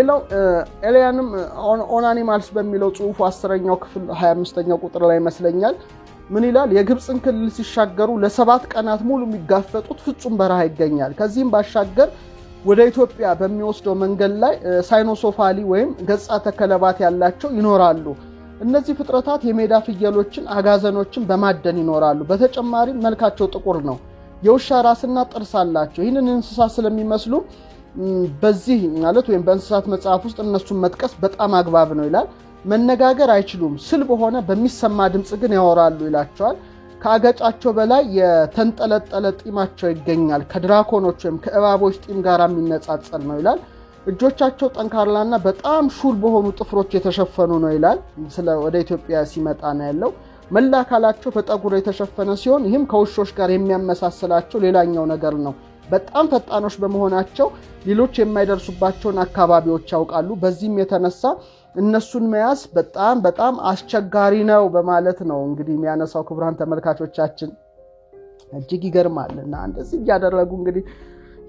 ሌላው ኤልያንም ኦን አኒማልስ በሚለው ጽሁፉ አስረኛው ክፍል 25 ቁጥር ላይ ይመስለኛል ምን ይላል? የግብፅን ክልል ሲሻገሩ ለሰባት ቀናት ሙሉ የሚጋፈጡት ፍጹም በረሃ ይገኛል። ከዚህም ባሻገር ወደ ኢትዮጵያ በሚወስደው መንገድ ላይ ሳይኖሶፋሊ ወይም ገጻ ተከለባት ያላቸው ይኖራሉ። እነዚህ ፍጥረታት የሜዳ ፍየሎችን፣ አጋዘኖችን በማደን ይኖራሉ። በተጨማሪም መልካቸው ጥቁር ነው። የውሻ ራስና ጥርስ አላቸው። ይህንን እንስሳ ስለሚመስሉ በዚህ ማለት ወይም በእንስሳት መጽሐፍ ውስጥ እነሱን መጥቀስ በጣም አግባብ ነው ይላል። መነጋገር አይችሉም፣ ስል በሆነ በሚሰማ ድምፅ ግን ያወራሉ ይላቸዋል። ከአገጫቸው በላይ የተንጠለጠለ ጢማቸው ይገኛል። ከድራኮኖች ወይም ከእባቦች ጢም ጋር የሚነጻጸር ነው ይላል። እጆቻቸው ጠንካራና በጣም ሹል በሆኑ ጥፍሮች የተሸፈኑ ነው ይላል። ወደ ኢትዮጵያ ሲመጣ ነው ያለው። መላ አካላቸው በጠጉር የተሸፈነ ሲሆን ይህም ከውሾች ጋር የሚያመሳስላቸው ሌላኛው ነገር ነው። በጣም ፈጣኖች በመሆናቸው ሌሎች የማይደርሱባቸውን አካባቢዎች ያውቃሉ። በዚህም የተነሳ እነሱን መያዝ በጣም በጣም አስቸጋሪ ነው በማለት ነው እንግዲህ የሚያነሳው ክቡራን ተመልካቾቻችን። እጅግ ይገርማል እና እንደዚህ እያደረጉ እንግዲህ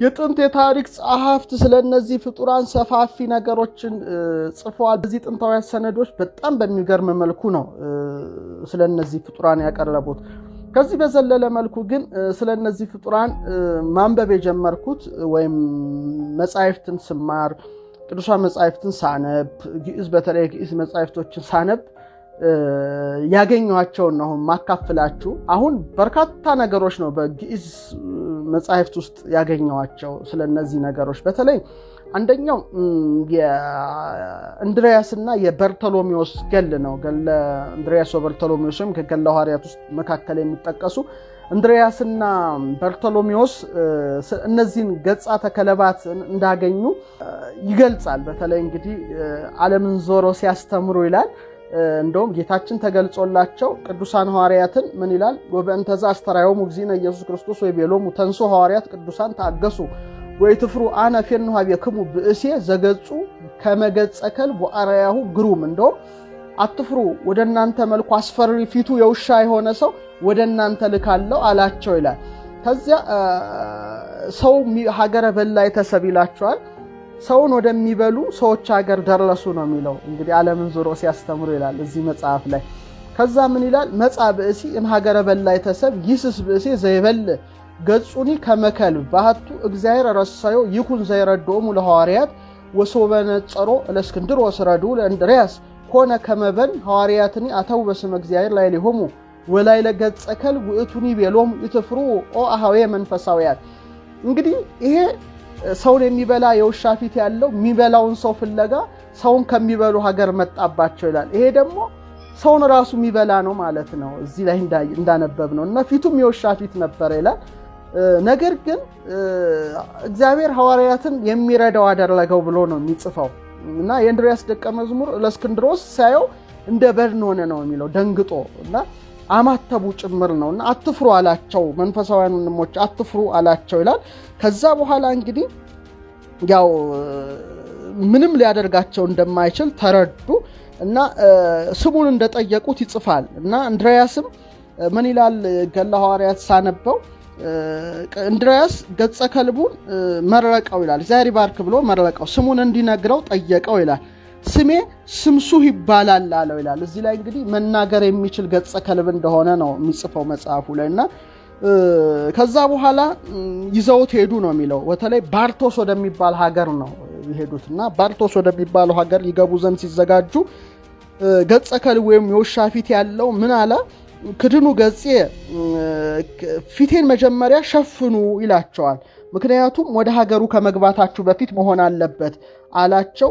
የጥንት የታሪክ ጸሐፍት ስለ እነዚህ ፍጡራን ሰፋፊ ነገሮችን ጽፈዋል። በዚህ ጥንታዊ ሰነዶች በጣም በሚገርም መልኩ ነው ስለ እነዚህ ፍጡራን ያቀረቡት። ከዚህ በዘለለ መልኩ ግን ስለ እነዚህ ፍጡራን ማንበብ የጀመርኩት ወይም መጻሕፍትን ስማር ቅዱሳን መጻሕፍትን ሳነብ ግዕዝ በተለይ ግዕዝ መጻሕፍቶችን ሳነብ ያገኟቸውን ነው ማካፍላችሁ። አሁን በርካታ ነገሮች ነው በግዕዝ መጽሐፍት ውስጥ ስለ ስለነዚህ ነገሮች በተለይ አንደኛው የእንድሪያስ እና የበርቶሎሜዎስ ገል ነው። ገለ እንድሪያስ ወበርቶሎሜዎስ ወይም ከገለ ሐዋርያት ውስጥ መካከል የሚጠቀሱ እንድሪያስና በርቶሎሚዎስ እነዚህን ገጻ ተከለባት እንዳገኙ ይገልጻል። በተለይ እንግዲህ አለምን ዞሮ ሲያስተምሩ ይላል። እንደውም ጌታችን ተገልጾላቸው ቅዱሳን ሐዋርያትን ምን ይላል? ወበእንተዛ አስተራዮሙ እግዚእነ ኢየሱስ ክርስቶስ ወይ ወይቤሎሙ ተንሶ ሐዋርያት ቅዱሳን ታገሱ ወይ ወይትፍሩ አነ ፌኑ ኀቤክሙ ብእሴ ዘገጹ ከመገጸከል ወአርአያሁ ግሩም። እንደውም አትፍሩ፣ ወደ እናንተ መልኩ አስፈሪ ፊቱ የውሻ የሆነ ሰው ወደ እናንተ ልካለው አላቸው ይላል። ከዚያ ሰው ሀገረ በላይ ተሰብ ይላቸዋል። ሰውን ወደሚበሉ ሰዎች ሀገር ደረሱ ነው የሚለው። እንግዲህ ዓለምን ዞሮ ሲያስተምሩ ይላል እዚህ መጽሐፍ ላይ። ከዛ ምን ይላል? መጻ ብእሲ እምሀገረ በላይ ተሰብ ይስስ ብእሴ ዘይበል ገጹኒ ከመከል ባህቱ እግዚአብሔር ረሳዮ ይኩን ዘይረድኦሙ ለሐዋርያት ወሶበነጸሮ ለእስክንድር ወስረዱ ለእንድርያስ ኮነ ከመበን ሐዋርያትኒ አተው በስመ እግዚአብሔር ላይ ሊሆሙ ወላይ ለገጸከል ውእቱኒ ቤሎም ይትፍሩ ኦ አሃዌ መንፈሳውያት። እንግዲህ ይሄ ሰውን የሚበላ የውሻ ፊት ያለው የሚበላውን ሰው ፍለጋ ሰውን ከሚበሉ ሀገር መጣባቸው ይላል። ይሄ ደግሞ ሰውን ራሱ የሚበላ ነው ማለት ነው። እዚህ ላይ እንዳነበብ ነው እና ፊቱም የውሻ ፊት ነበረ ይላል። ነገር ግን እግዚአብሔር ሐዋርያትን የሚረዳው አደረገው ብሎ ነው የሚጽፈው እና የእንድርያስ ደቀ መዝሙር ለእስክንድሮስ ሳየው እንደ በድን ሆነ ነው የሚለው ደንግጦ እና አማተቡ ጭምር ነው እና አትፍሩ አላቸው። መንፈሳውያን ወንድሞች አትፍሩ አላቸው ይላል። ከዛ በኋላ እንግዲህ ያው ምንም ሊያደርጋቸው እንደማይችል ተረዱ እና ስሙን እንደጠየቁት ይጽፋል እና እንድርያስም ምን ይላል ገድለ ሐዋርያት ሳነበው እንድርያስ ገጸ ከልቡን መረቀው ይላል። እግዚአብሔር ይባርክ ብሎ መረቀው፣ ስሙን እንዲነግረው ጠየቀው ይላል። ስሜ ስምሱህ ይባላል አለው ይላል። እዚህ ላይ እንግዲህ መናገር የሚችል ገጸ ከልብ እንደሆነ ነው የሚጽፈው መጽሐፉ ላይ እና ከዛ በኋላ ይዘውት ሄዱ ነው የሚለው። በተለይ ባርቶስ ወደሚባል ሀገር ነው የሄዱት እና ባርቶስ ወደሚባለው ሀገር ይገቡ ዘንድ ሲዘጋጁ ገጸ ከልብ ወይም የውሻ ፊት ያለው ምን አለ ክድኑ ገጼ ፊቴን መጀመሪያ ሸፍኑ ይላቸዋል። ምክንያቱም ወደ ሀገሩ ከመግባታችሁ በፊት መሆን አለበት አላቸው።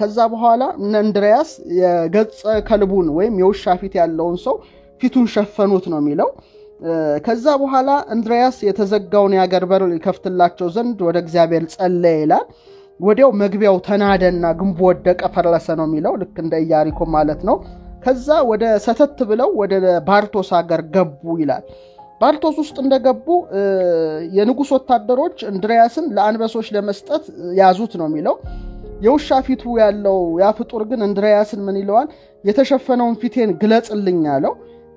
ከዛ በኋላ እነ እንድርያስ የገጸ ከልቡን ወይም የውሻ ፊት ያለውን ሰው ፊቱን ሸፈኑት ነው የሚለው። ከዛ በኋላ እንድሪያስ የተዘጋውን የአገር በር ይከፍትላቸው ዘንድ ወደ እግዚአብሔር ጸለየ ይላል። ወዲያው መግቢያው ተናደና ግንቡ ወደቀ፣ ፈረሰ ነው የሚለው ልክ እንደ ኢያሪኮ ማለት ነው። ከዛ ወደ ሰተት ብለው ወደ ባርቶስ ሀገር ገቡ ይላል። ባልቶስ ውስጥ እንደገቡ የንጉሥ ወታደሮች እንድሪያስን ለአንበሶች ለመስጠት ያዙት ነው የሚለው። የውሻ ፊቱ ያለው ያፍጡር ፍጡር ግን እንድሪያስን ምን ይለዋል? የተሸፈነውን ፊቴን ግለጽልኝ አለው።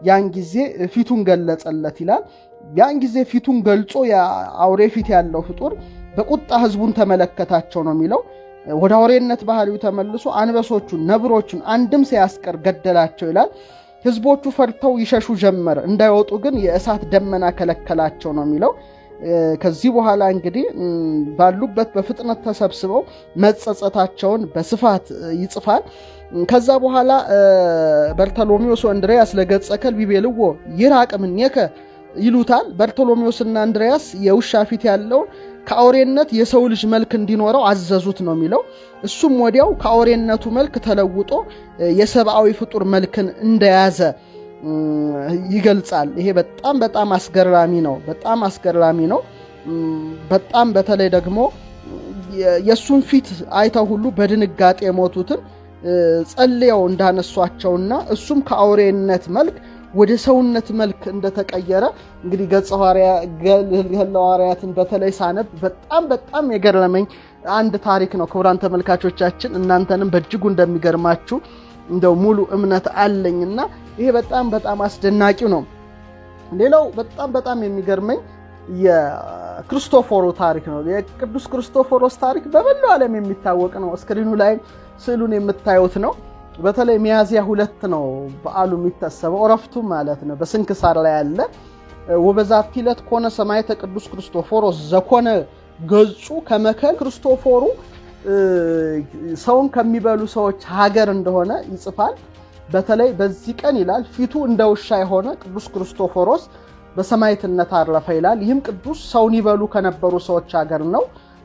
ያን ጊዜ ፊቱን ገለጸለት ይላል። ያን ጊዜ ፊቱን ገልጾ የአውሬ ፊት ያለው ፍጡር በቁጣ ህዝቡን ተመለከታቸው ነው የሚለው። ወደ አውሬነት ባህሪው ተመልሶ አንበሶቹን፣ ነብሮቹን አንድም ሳያስቀር ገደላቸው ይላል። ህዝቦቹ ፈርተው ይሸሹ ጀመር። እንዳይወጡ ግን የእሳት ደመና ከለከላቸው ነው የሚለው። ከዚህ በኋላ እንግዲህ ባሉበት በፍጥነት ተሰብስበው መጸጸታቸውን በስፋት ይጽፋል። ከዛ በኋላ በርተሎሜዎስ ወእንድርያስ ለገጸ ከልቢ ቤልዎ ይራቅ ይሉታል። በርተሎሜዎስና እንድርያስ የውሻ ፊት ያለውን ከአውሬነት የሰው ልጅ መልክ እንዲኖረው አዘዙት ነው የሚለው። እሱም ወዲያው ከአውሬነቱ መልክ ተለውጦ የሰብአዊ ፍጡር መልክን እንደያዘ ይገልጻል። ይሄ በጣም በጣም አስገራሚ ነው። በጣም አስገራሚ ነው። በጣም በተለይ ደግሞ የእሱን ፊት አይተው ሁሉ በድንጋጤ የሞቱትን ጸልየው እንዳነሷቸውና እሱም ከአውሬነት መልክ ወደ ሰውነት መልክ እንደተቀየረ እንግዲህ ገጸ ሐዋርያትን በተለይ ሳነብ በጣም በጣም የገረመኝ አንድ ታሪክ ነው። ክቡራን ተመልካቾቻችን እናንተንም በእጅጉ እንደሚገርማችሁ እንደው ሙሉ እምነት እና ይሄ በጣም በጣም አስደናቂ ነው። ሌላው በጣም በጣም የሚገርመኝ የክርስቶፎሮ ታሪክ ነው። የቅዱስ ክርስቶፎሮስ ታሪክ በመላው ዓለም የሚታወቅ ነው። እስክሪኑ ላይ ስዕሉን የምታዩት ነው። በተለይ ሚያዝያ ሁለት ነው በዓሉ የሚታሰበው እረፍቱ ማለት ነው። በስንክሳር ላይ ያለ ወበዛቲ ዕለት ኮነ ሰማዕተ ቅዱስ ክርስቶፎሮስ ዘኮነ ገጹ ከመከል ክርስቶፎሩ ሰውን ከሚበሉ ሰዎች ሀገር እንደሆነ ይጽፋል። በተለይ በዚህ ቀን ይላል ፊቱ እንደ ውሻ የሆነ ቅዱስ ክርስቶፎሮስ በሰማይትነት አረፈ ይላል። ይህም ቅዱስ ሰውን ይበሉ ከነበሩ ሰዎች ሀገር ነው።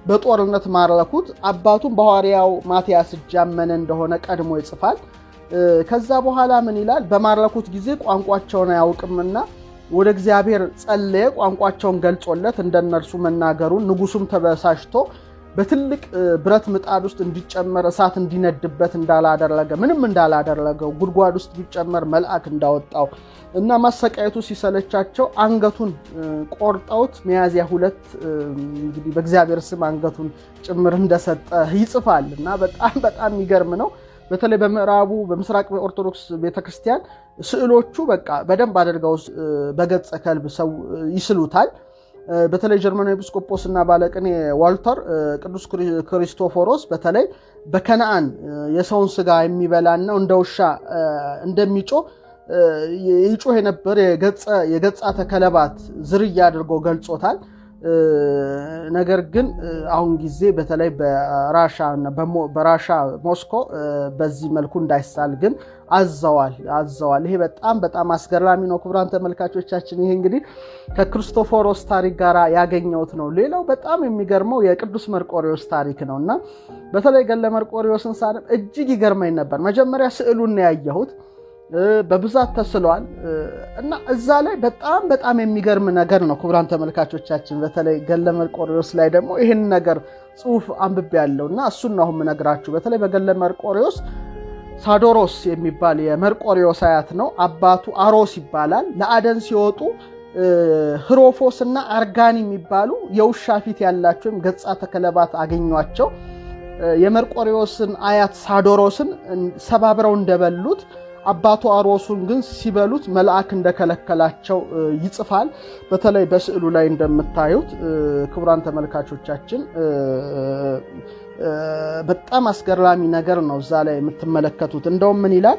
በጦርነት ማረኩት። አባቱም በሐዋርያው ማቲያስ ጃመነ እንደሆነ ቀድሞ ይጽፋል። ከዛ በኋላ ምን ይላል? በማረኩት ጊዜ ቋንቋቸውን አያውቅምና ወደ እግዚአብሔር ጸለየ፣ ቋንቋቸውን ገልጾለት እንደነርሱ መናገሩን ንጉሱም ተበሳሽቶ በትልቅ ብረት ምጣድ ውስጥ እንዲጨመር እሳት እንዲነድበት እንዳላደረገ ምንም እንዳላደረገው ጉድጓድ ውስጥ ቢጨመር መልአክ እንዳወጣው እና ማሰቃየቱ ሲሰለቻቸው አንገቱን ቆርጠውት ሚያዝያ ሁለት እንግዲህ በእግዚአብሔር ስም አንገቱን ጭምር እንደሰጠ ይጽፋል እና በጣም በጣም የሚገርም ነው። በተለይ በምዕራቡ በምስራቅ ኦርቶዶክስ ቤተክርስቲያን ስዕሎቹ በቃ በደንብ አድርገው በገጸ ከልብ ሰው ይስሉታል። በተለይ ጀርመናዊ ኤጲስቆጶስ እና ባለቅኔ ዋልተር ቅዱስ ክሪስቶፎሮስ በተለይ በከነአን የሰውን ስጋ የሚበላና እንደ ውሻ እንደሚጮ ይጮህ የነበር የገጻተ ከለባት ዝርያ አድርጎ ገልጾታል። ነገር ግን አሁን ጊዜ በተለይ በራሻ ሞስኮ በዚህ መልኩ እንዳይሳል ግን አዘዋል አዘዋል። ይሄ በጣም በጣም አስገራሚ ነው ክቡራን ተመልካቾቻችን። ይሄ እንግዲህ ከክርስቶፎሮስ ታሪክ ጋር ያገኘሁት ነው። ሌላው በጣም የሚገርመው የቅዱስ መርቆሪዎስ ታሪክ ነው እና በተለይ ገለ መርቆሪዎስን ሳለም እጅግ ይገርመኝ ነበር። መጀመሪያ ስዕሉን ያየሁት በብዛት ተስሏል እና እዛ ላይ በጣም በጣም የሚገርም ነገር ነው ክቡራን ተመልካቾቻችን። በተለይ ገለ መርቆሪዎስ ላይ ደግሞ ይህን ነገር ጽሑፍ አንብቤ ያለው እና እሱን ነው አሁን የምነግራችሁ በተለይ በገለ መርቆሪዎስ ሳዶሮስ የሚባል የመርቆሪዎስ አያት ነው። አባቱ አሮስ ይባላል። ለአደን ሲወጡ ህሮፎስ እና አርጋን የሚባሉ የውሻ ፊት ያላቸው ወይም ገጻ ተከለባት አገኟቸው። የመርቆሪዎስን አያት ሳዶሮስን ሰባብረው እንደበሉት አባቱ አሮሱን ግን ሲበሉት መልአክ እንደከለከላቸው ይጽፋል። በተለይ በስዕሉ ላይ እንደምታዩት ክቡራን ተመልካቾቻችን በጣም አስገራሚ ነገር ነው እዛ ላይ የምትመለከቱት። እንደውም ምን ይላል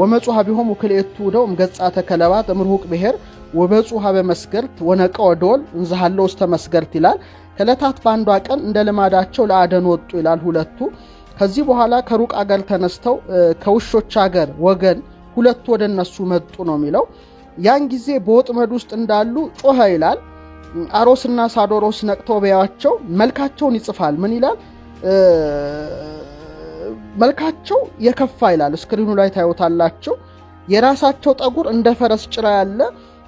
ወመጹሃ ቢሆም ክልኤቱ ደውም ገጻ ከለባት እምርሁቅ ብሔር ወበጹሃ በመስገርት ወነቀ ዶል እንዝሃለው ውስተ መስገርት ይላል። ከዕለታት በአንዷ ቀን እንደ ልማዳቸው ለአደን ወጡ ይላል ሁለቱ። ከዚህ በኋላ ከሩቅ አገር ተነስተው ከውሾች አገር ወገን ሁለቱ ወደ እነሱ መጡ ነው የሚለው። ያን ጊዜ በወጥመድ ውስጥ እንዳሉ ጮኸ ይላል። አሮስና ሳዶሮስ ነቅተው በያቸው መልካቸውን ይጽፋል። ምን ይላል መልካቸው የከፋ ይላል። እስክሪኑ ላይ ታዩታላቸው። የራሳቸው ጠጉር እንደ ፈረስ ጭራ ያለ፣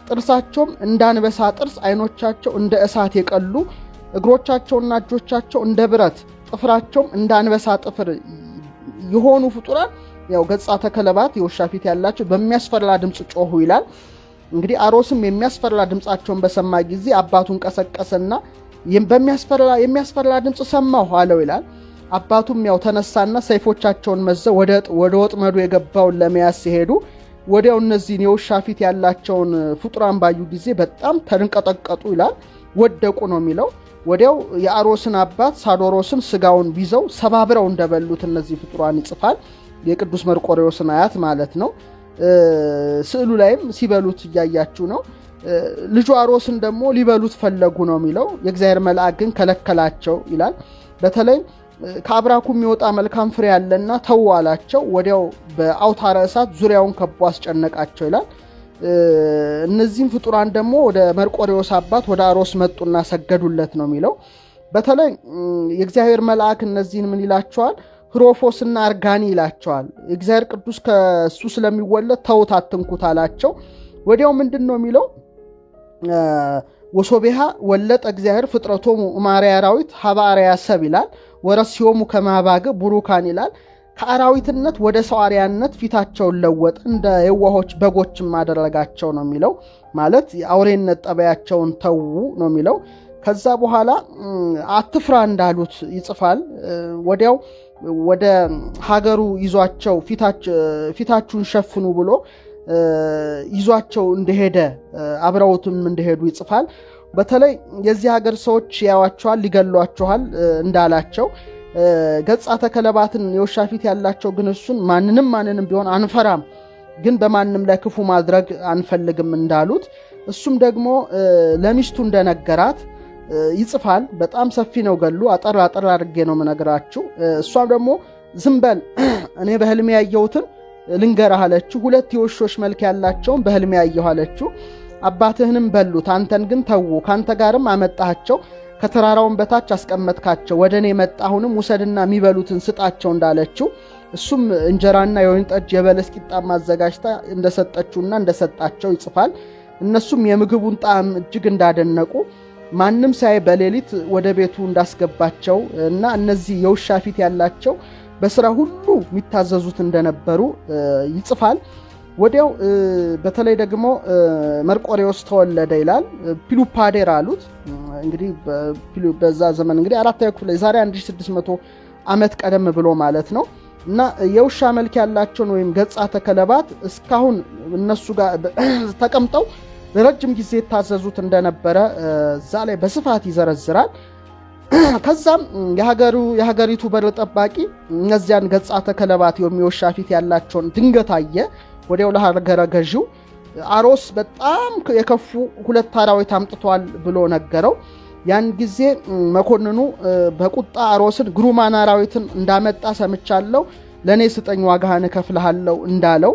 ጥርሳቸውም እንደ አንበሳ ጥርስ፣ አይኖቻቸው እንደ እሳት የቀሉ፣ እግሮቻቸውና እጆቻቸው እንደ ብረት፣ ጥፍራቸውም እንደ አንበሳ ጥፍር የሆኑ ፍጡራን ያው ገጻ ተከለባት የውሻ ፊት ያላቸው በሚያስፈራ ድምፅ ጮሁ ይላል። እንግዲህ አሮስም የሚያስፈራ ድምፃቸውን በሰማ ጊዜ አባቱን ቀሰቀሰና በሚያስፈራ ድምፅ ሰማሁ አለው ይላል። አባቱም ያው ተነሳና ሰይፎቻቸውን መዘው ወደ ወጥመዱ የገባውን ለመያዝ ሲሄዱ ወዲያው እነዚህን የውሻ ፊት ያላቸውን ፍጡራን ባዩ ጊዜ በጣም ተንቀጠቀጡ ይላል። ወደቁ ነው የሚለው። ወዲያው የአሮስን አባት ሳዶሮስን ስጋውን ቢዘው ሰባብረው እንደበሉት እነዚህ ፍጡራን ይጽፋል። የቅዱስ መርቆሬዎስን አያት ማለት ነው። ስዕሉ ላይም ሲበሉት እያያችሁ ነው። ልጇ ሮስን ደግሞ ሊበሉት ፈለጉ ነው የሚለው። የእግዚአብሔር መልአክ ግን ከለከላቸው ይላል። በተለይ ከአብራኩ የሚወጣ መልካም ፍሬ ያለና ተው አላቸው። ወዲያው በአውታረ እሳት ዙሪያውን ከቦ አስጨነቃቸው ይላል። እነዚህም ፍጡራን ደግሞ ወደ መርቆሪዎስ አባት ወደ አሮስ መጡና ሰገዱለት ነው የሚለው። በተለይ የእግዚአብሔር መልአክ እነዚህን ምን ይላቸዋል? ህሮፎስና አርጋኒ ይላቸዋል። እግዚአብሔር ቅዱስ ከእሱ ስለሚወለድ ተውት አትንኩት አላቸው። ወዲያው ምንድን ነው የሚለው ወሶቤሃ ወለጠ እግዚአብሔር ፍጥረቶሙ ማርያ አራዊት ሀባርያ ሰብ ይላል። ወረሲሆሙ ከማባግ ቡሩካን ይላል። ከአራዊትነት ወደ ሰው አርያነት ፊታቸውን ለወጥ እንደ የዋሆች በጎችም አደረጋቸው ነው የሚለው። ማለት የአውሬነት ጠባያቸውን ተዉ ነው የሚለው። ከዛ በኋላ አትፍራ እንዳሉት ይጽፋል። ወዲያው ወደ ሀገሩ ይዟቸው ፊታችሁን ሸፍኑ ብሎ ይዟቸው እንደሄደ አብረውትም እንደሄዱ ይጽፋል። በተለይ የዚህ ሀገር ሰዎች ያዋቸዋል፣ ሊገሏቸዋል እንዳላቸው ገጻ ተከለባትን የውሻ ፊት ያላቸው ግን እሱን ማንንም ማንንም ቢሆን አንፈራም፣ ግን በማንም ላይ ክፉ ማድረግ አንፈልግም እንዳሉት እሱም ደግሞ ለሚስቱ እንደነገራት ይጽፋል። በጣም ሰፊ ነው ገሉ። አጠር አጠር አድርጌ ነው የምነግራችሁ። እሷም ደግሞ ዝም በል እኔ በህልሜ ያየሁትን ልንገራ አለችው። ሁለት የውሾች መልክ ያላቸውን በሕልሜ ያየሁ አለችው። አባትህንም በሉት፣ አንተን ግን ተዉ። ካንተ ጋርም አመጣቸው ከተራራውን በታች አስቀመጥካቸው። ወደ እኔ አሁንም ውሰድና የሚበሉትን ስጣቸው እንዳለችው እሱም እንጀራና የወይን ጠጅ የበለስ ቂጣም አዘጋጅታ እንደሰጠችውና እንደሰጣቸው ይጽፋል። እነሱም የምግቡን ጣዕም እጅግ እንዳደነቁ ማንም ሳይ በሌሊት ወደ ቤቱ እንዳስገባቸው እና እነዚህ የውሻ ፊት ያላቸው በስራ ሁሉ የሚታዘዙት እንደነበሩ ይጽፋል። ወዲያው በተለይ ደግሞ መርቆሬዎስ ተወለደ ይላል። ፒሉፓዴር አሉት። እንግዲህ በዛ ዘመን እንግዲህ አራተኛ ክፍለ የዛሬ 1600 ዓመት ቀደም ብሎ ማለት ነው እና የውሻ መልክ ያላቸውን ወይም ገጻ ተከለባት እስካሁን እነሱ ጋር ተቀምጠው ለረጅም ጊዜ የታዘዙት እንደነበረ እዛ ላይ በስፋት ይዘረዝራል። ከዛም የሀገሩ የሀገሪቱ በር ጠባቂ እነዚያን ገጻተ ከለባት የሚወሻ ፊት ያላቸውን ድንገት አየ። ወዲያው ለሀገረ ገዢው አሮስ በጣም የከፉ ሁለት አራዊት አምጥቷል ብሎ ነገረው። ያን ጊዜ መኮንኑ በቁጣ አሮስን ግሩማን አራዊትን እንዳመጣ ሰምቻለሁ፣ ለእኔ ስጠኝ ዋጋህን እከፍልሃለሁ እንዳለው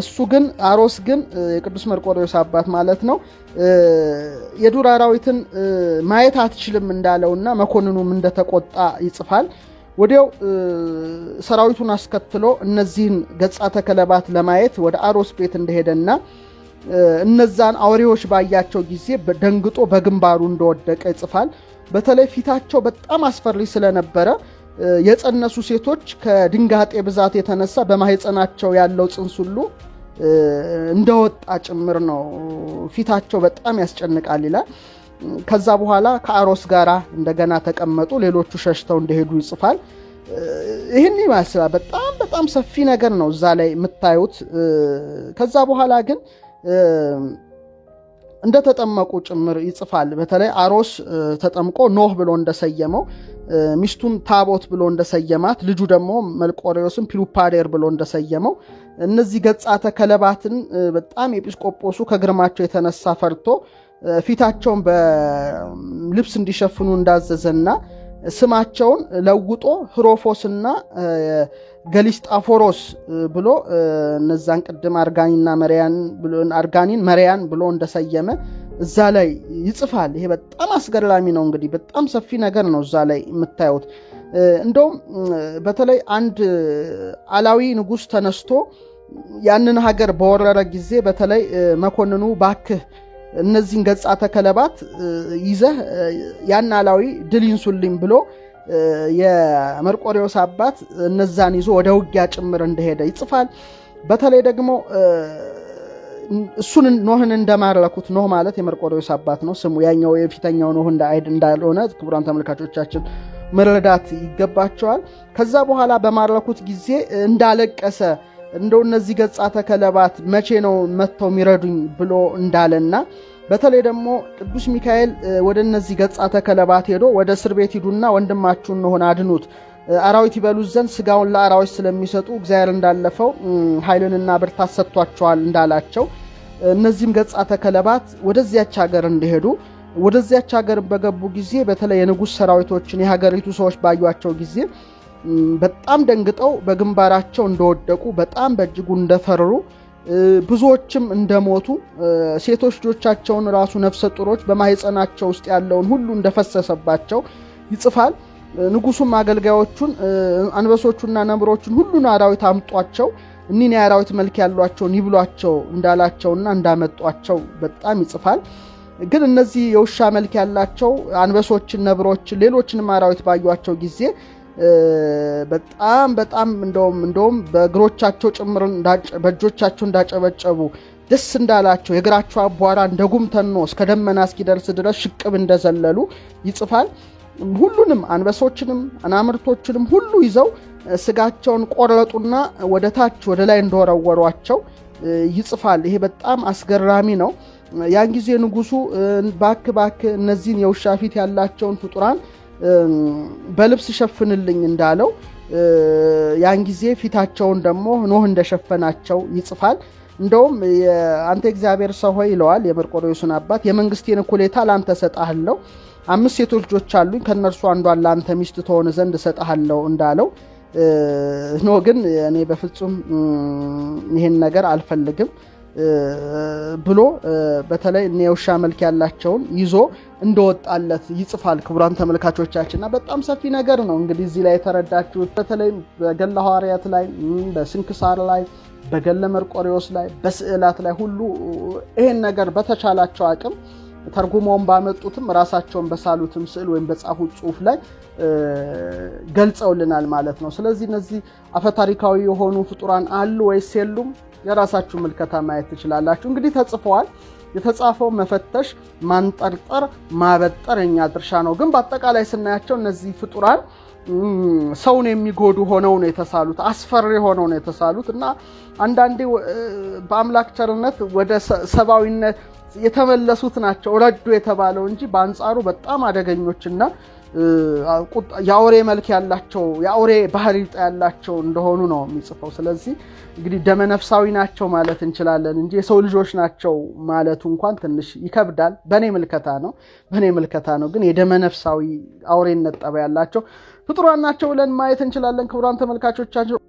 እሱ ግን አሮስ ግን የቅዱስ መርቆሬዎስ አባት ማለት ነው የዱር አራዊትን ማየት አትችልም እንዳለውና መኮንኑም እንደተቆጣ ይጽፋል። ወዲያው ሰራዊቱን አስከትሎ እነዚህን ገጻ ተከለባት ለማየት ወደ አሮስ ቤት እንደሄደና እነዛን አውሬዎች ባያቸው ጊዜ ደንግጦ በግንባሩ እንደወደቀ ይጽፋል። በተለይ ፊታቸው በጣም አስፈሪ ስለነበረ የጸነሱ ሴቶች ከድንጋጤ ብዛት የተነሳ በማህፀናቸው ያለው ጽንስ ሁሉ እንደወጣ ጭምር ነው። ፊታቸው በጣም ያስጨንቃል ይላል። ከዛ በኋላ ከአሮስ ጋር እንደገና ተቀመጡ፣ ሌሎቹ ሸሽተው እንደሄዱ ይጽፋል። ይህን ይመስላል። በጣም በጣም ሰፊ ነገር ነው እዛ ላይ የምታዩት። ከዛ በኋላ ግን እንደተጠመቁ ጭምር ይጽፋል። በተለይ አሮስ ተጠምቆ ኖህ ብሎ እንደሰየመው ሚስቱን ታቦት ብሎ እንደሰየማት ልጁ ደግሞ መልቆሬዎስን ፒሉፓዴር ብሎ እንደሰየመው እነዚህ ገጻተ ከለባትን በጣም ኤጲስቆጶሱ ከግርማቸው የተነሳ ፈርቶ ፊታቸውን በልብስ እንዲሸፍኑ እንዳዘዘና ስማቸውን ለውጦ ህሮፎስና ገሊስጣፎሮስ ብሎ እነዛን ቅድም መሪያን አርጋኒን መሪያን ብሎ እንደሰየመ እዛ ላይ ይጽፋል። ይሄ በጣም አስገራሚ ነው። እንግዲህ በጣም ሰፊ ነገር ነው እዛ ላይ የምታዩት። እንደውም በተለይ አንድ አላዊ ንጉስ ተነስቶ ያንን ሀገር በወረረ ጊዜ በተለይ መኮንኑ ባክህ እነዚህን ገጻ ተከለባት ይዘህ ያን አላዊ ድል ይንሱልኝ ብሎ የመርቆሪዎስ አባት እነዛን ይዞ ወደ ውጊያ ጭምር እንደሄደ ይጽፋል። በተለይ ደግሞ እሱን ኖህን እንደማረኩት ኖህ ማለት የመርቆሪዎስ አባት ነው ስሙ። ያኛው የፊተኛው ኖህ አይድ እንዳልሆነ ክቡራን ተመልካቾቻችን መረዳት ይገባቸዋል። ከዛ በኋላ በማረኩት ጊዜ እንዳለቀሰ እንደው እነዚህ ገጻ ተከለባት መቼ ነው መጥተው የሚረዱኝ ብሎ እንዳለና በተለይ ደግሞ ቅዱስ ሚካኤል ወደ እነዚህ ገጻ ተከለባት ሄዶ ወደ እስር ቤት ሂዱና ወንድማችሁን እንሆን አድኑት አራዊት ይበሉት ዘንድ ስጋውን ለአራዊት ስለሚሰጡ እግዚአብሔር እንዳለፈው ኃይልንና ብርታት ሰጥቷቸዋል እንዳላቸው እነዚህም ገጻ ተከለባት ወደዚያች ሀገር እንደሄዱ ወደዚያች ሀገር በገቡ ጊዜ በተለይ የንጉሥ ሰራዊቶችን የሀገሪቱ ሰዎች ባዩቸው ጊዜ በጣም ደንግጠው በግንባራቸው እንደወደቁ በጣም በእጅጉ እንደፈሩ ብዙዎችም እንደሞቱ ሴቶች ልጆቻቸውን ራሱ ነፍሰ ጡሮች በማህፀናቸው ውስጥ ያለውን ሁሉ እንደፈሰሰባቸው ይጽፋል። ንጉሱም አገልጋዮቹን አንበሶቹና ነብሮቹን ሁሉን አራዊት አምጧቸው እኒን የአራዊት መልክ ያሏቸውን ይብሏቸው እንዳላቸውና እንዳመጧቸው በጣም ይጽፋል። ግን እነዚህ የውሻ መልክ ያላቸው አንበሶችን፣ ነብሮችን፣ ሌሎችንም አራዊት ባዩቸው ጊዜ በጣም በጣም እንደውም እንደውም በእግሮቻቸው ጭምር በእጆቻቸው እንዳጨበጨቡ ደስ እንዳላቸው የእግራቸው አቧራ እንደ ጉም ተኖ እስከ ደመና እስኪደርስ ድረስ ሽቅብ እንደዘለሉ ይጽፋል። ሁሉንም አንበሶችንም አናምርቶችንም ሁሉ ይዘው ስጋቸውን ቆረጡና ወደ ታች ወደ ላይ እንደወረወሯቸው ይጽፋል። ይሄ በጣም አስገራሚ ነው። ያን ጊዜ ንጉሱ ባክ ባክ እነዚህን የውሻ ፊት ያላቸውን ፍጡራን በልብስ ሸፍንልኝ እንዳለው ያን ጊዜ ፊታቸውን ደግሞ ኖህ እንደሸፈናቸው ይጽፋል። እንደውም አንተ እግዚአብሔር ሰው ሆይ ይለዋል የመርቆሬዎስን አባት የመንግስቴን እኩሌታ ለአንተ ሰጣለው አምስት ሴቶች ልጆች አሉኝ፣ ከእነርሱ አንዷን ለአንተ ሚስት ትሆን ዘንድ ሰጣለው እንዳለው ኖህ ግን እኔ በፍጹም ይህን ነገር አልፈልግም ብሎ በተለይ እኔ የውሻ መልክ ያላቸውን ይዞ እንደወጣለት ይጽፋል። ክቡራን ተመልካቾቻችን እና በጣም ሰፊ ነገር ነው እንግዲህ እዚህ ላይ የተረዳችሁት። በተለይ በገለ ሐዋርያት ላይ፣ በስንክሳር ላይ፣ በገለ መርቆሪዎስ ላይ፣ በስዕላት ላይ ሁሉ ይሄን ነገር በተቻላቸው አቅም ተርጉመውን ባመጡትም ራሳቸውን በሳሉትም ስዕል ወይም በጻፉት ጽሑፍ ላይ ገልጸውልናል ማለት ነው። ስለዚህ እነዚህ አፈታሪካዊ የሆኑ ፍጡራን አሉ ወይስ የሉም? የራሳችሁ ምልከታ ማየት ትችላላችሁ። እንግዲህ ተጽፈዋል። የተጻፈው መፈተሽ፣ ማንጠርጠር፣ ማበጠር የኛ ድርሻ ነው። ግን በአጠቃላይ ስናያቸው እነዚህ ፍጡራን ሰውን የሚጎዱ ሆነው ነው የተሳሉት፣ አስፈሪ ሆነው ነው የተሳሉት እና አንዳንዴ በአምላክ ቸርነት ወደ ሰብአዊነት የተመለሱት ናቸው ረዱ የተባለው እንጂ በአንጻሩ በጣም አደገኞችና የአውሬ መልክ ያላቸው የአውሬ ባህሪ ያላቸው እንደሆኑ ነው የሚጽፈው። ስለዚህ እንግዲህ ደመነፍሳዊ ናቸው ማለት እንችላለን እንጂ የሰው ልጆች ናቸው ማለቱ እንኳን ትንሽ ይከብዳል። በእኔ ምልከታ ነው በእኔ ምልከታ ነው። ግን የደመነፍሳዊ አውሬነት ጠባ ያላቸው ፍጡራን ናቸው ብለን ማየት እንችላለን። ክቡራን ተመልካቾቻቸው